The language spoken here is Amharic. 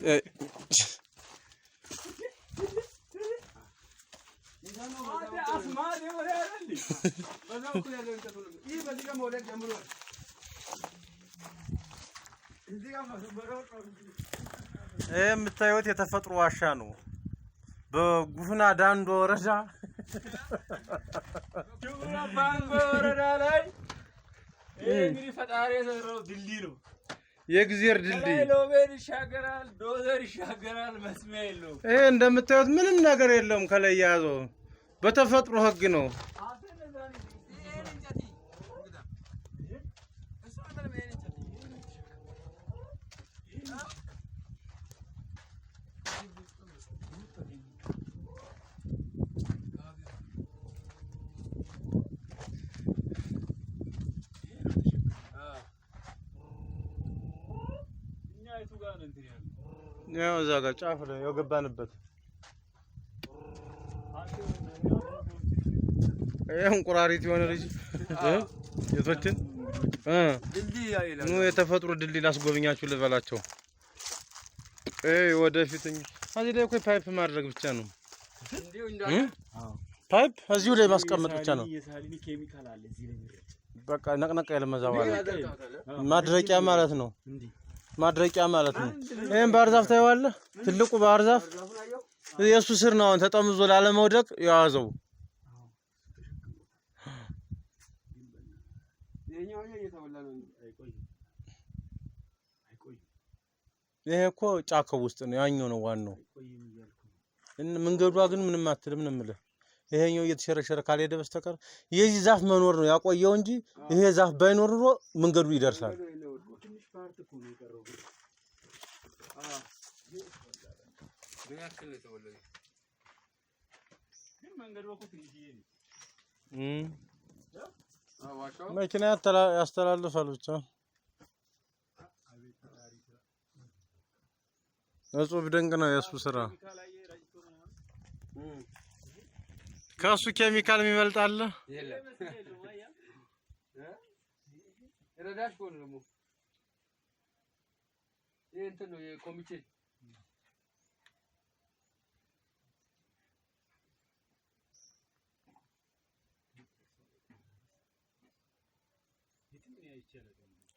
ይህ የምታዩት የተፈጥሮ ዋሻ ነው። በጉፍና ዳንዶ ወረዳ ጉፍና ዳንዶ ወረዳ ላይ ይህ እንግዲህ ፈጣሪ የሰራው ድልድይ ነው። የእግዜር ድልድይ ሎቤን ይሻገራል፣ ዶዘር ይሻገራል። መስሚያ የለውም። ይሄ እንደምታዩት ምንም ነገር የለውም። ከላይ የያዘው በተፈጥሮ ህግ ነው። ያው እዛ ጋር ጫፍ ላይ ያው ገባንበት። ይሄ እንቁራሪት የሆነ ልጅ የቶችን ኑ የተፈጥሮ ድልድይ ላስጎብኛችሁ ልበላቸው። ወደፊት እዚህ ላይ እኮ ፓይፕ ማድረግ ብቻ ነው። ፓይፕ እዚሁ ላይ ማስቀመጥ ብቻ ነው። በቃ ነቅነቅ ያለ መዛባ ማድረቂያ ማለት ነው። ማድረቂያ ማለት ነው። ይሄን ባህር ዛፍ ታየዋለህ። ትልቁ ባህር ዛፍ የእሱ ስር ነው አሁን ተጠምዞ ላለመውደቅ የያዘው። ይሄ እኮ ጫካው ውስጥ ነው። ያኛው ነው ዋናው። መንገዷ ግን ምንም አትልም ነው ይሄኛው እየተሸረሸረ ካልሄደ በስተቀር የዚህ ዛፍ መኖር ነው ያቆየው እንጂ ይሄ ዛፍ ባይኖር ኑሮ መንገዱ ይደርሳል። እኮ ነው የቀረው። ምን ያክል ነው ግን ትንሽዬ ነው። መኪና ያስተላልፋል ብቻ እጹብ ድንቅ ነው የእሱ ስራ። ከእሱ ኬሚካል የሚበልጥ ఏంటను కొమ్మిచ్చి ఇచ్చారు